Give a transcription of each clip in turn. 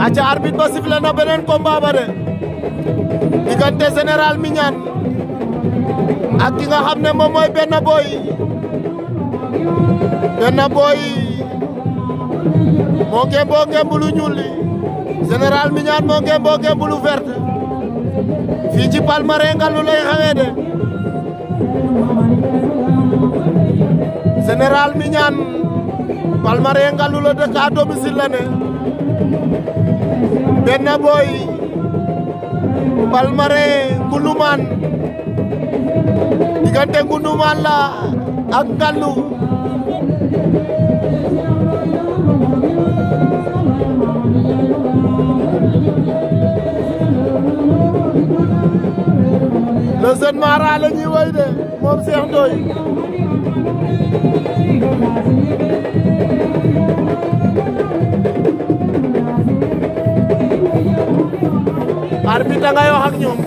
aca arbit pasif sifflé na beneen combat ba de General général Mignane ak ki nga xam ne moom Boy Benna Boy moo ngeen bulu juli, General général Mignane moo bulu verte Fiji ci nga Ngallu lay xewee minyan. général Mignane Palmarin Ngallu la dëkk Bénna Boy Palmarin Ngundumane diggante Ngundumane la ak Ngallu le jeune mara la ñuy woy de a ngay wax ak ñoom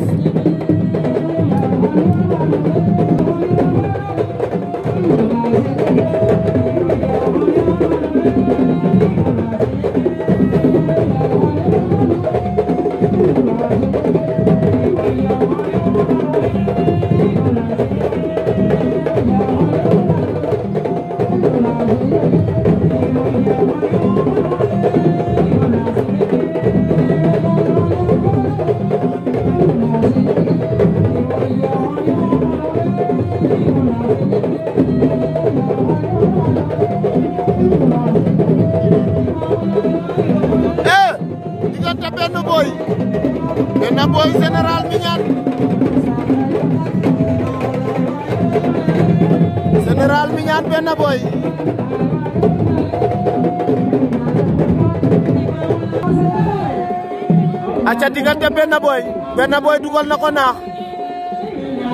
eh diggante benn boy benn boy général Mignane minyan Mignane benn boy aca diggante benn boy benn boy dugal na ko naax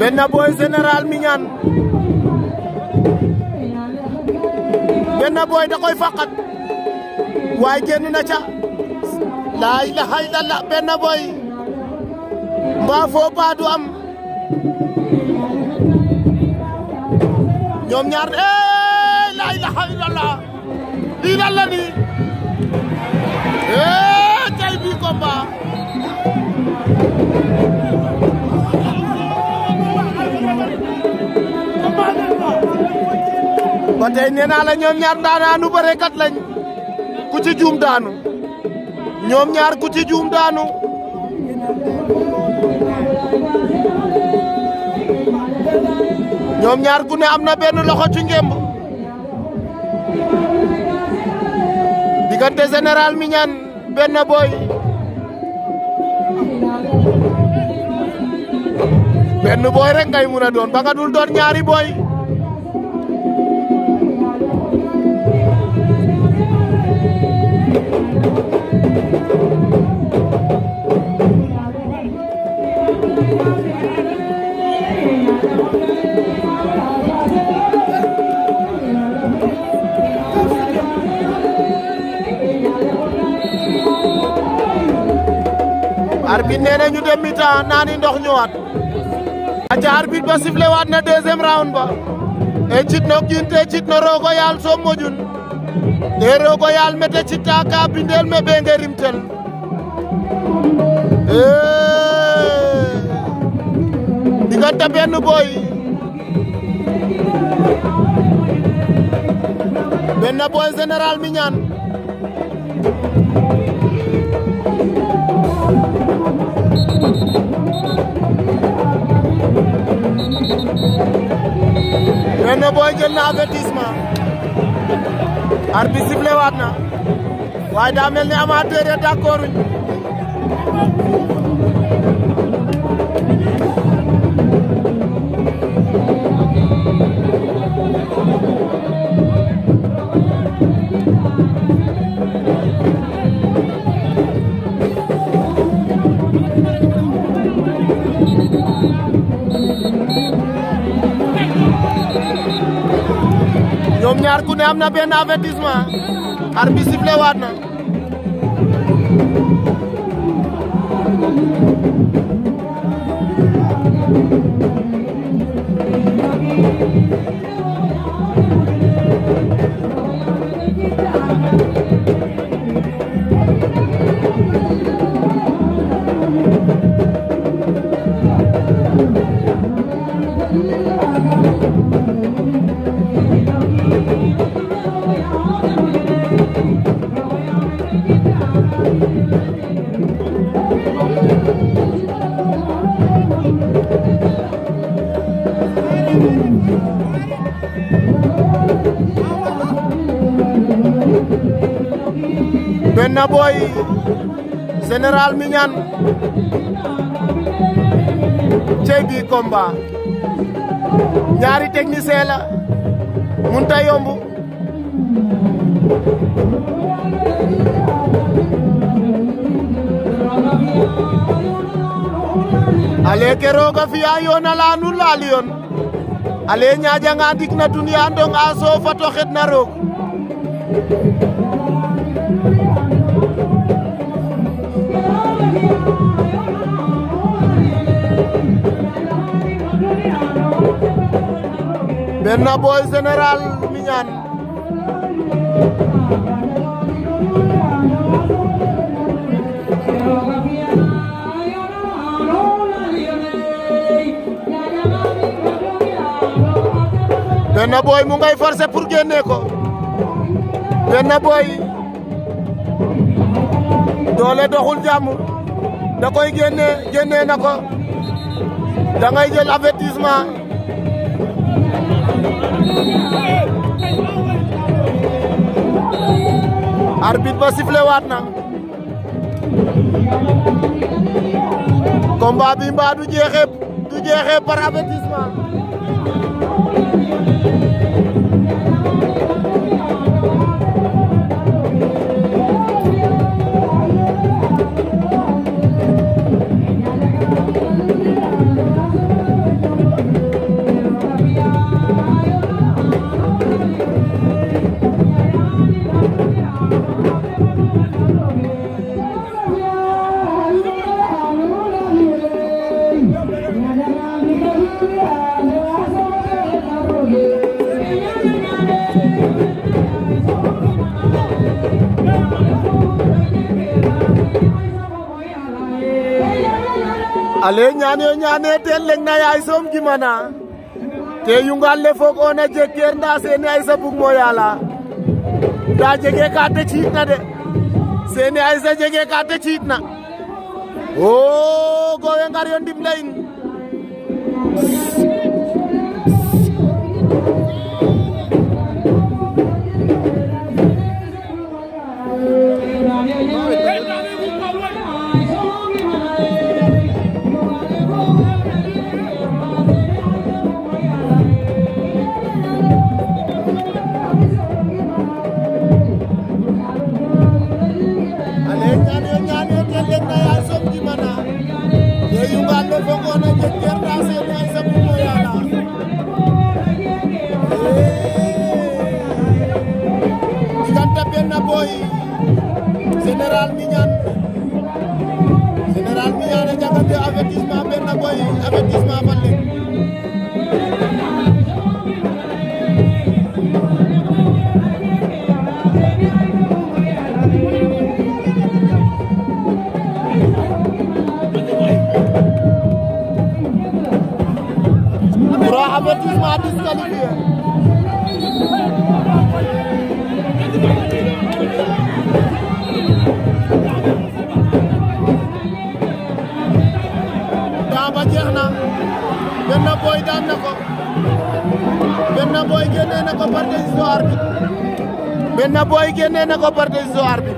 benn boy général Mignane benn boy da koy waaye génn na ca laa ilaha illallah benn boy mbaa foo baa ñoom ñaar eh laa ilaha illallah lii lan la nii eh tey bii combat ba tey nee naa la ñoom ñaar ndaanaanu bërekat lañ ku ci juum daanu ñoom ñaar ku ci juum daanu ñoom ñaar ne am na benn loxo ci ngemb diggante général Mignane benn boy benn boy rek ngay mun a doon ba nga ñaari boy arbitre nee na ñu dem mi-temps naani ndox ñëwaat aca arbitre ba sifflé waat na deuxième round ba e citno kiin te citno roogo yaal soom moƴun te roogo yaal mete citta ka bindel me ɓe ngerimtel diggante benn boy benn boy général mi ñaan Béné Boy jël na avertissement arbitre sifflé waat na waaye daa ni amateur ya d'accorduñ do ñaar ku ne am na benn avertissement na Thank you. benn boy général Mignane cey bi combat ñaari technicien la munta yomb ale ke fiya yona la nu ale ñaajanga ndik na dunya ndong a fa to na rok Médina Boy Général Mignane Médina mu ngay forcer pour génne ko Médina doole doxul jàmm da koy génne na ko da ngay jël avertissement arbitre ba sifflé waat na combat bi mbaa du jeexee du jeexee par ale ñaane ñaane ten leng na yaay soom gimana te yungal le foog ona jeg ker nda seeni aysa bug mo ciit na de seeni aysa jege ka ciit na o gowe ngar yo ndimle in Boy daan na ko Benna na ko par décision arbitre Benna Boy génnee na ko par décision arbitre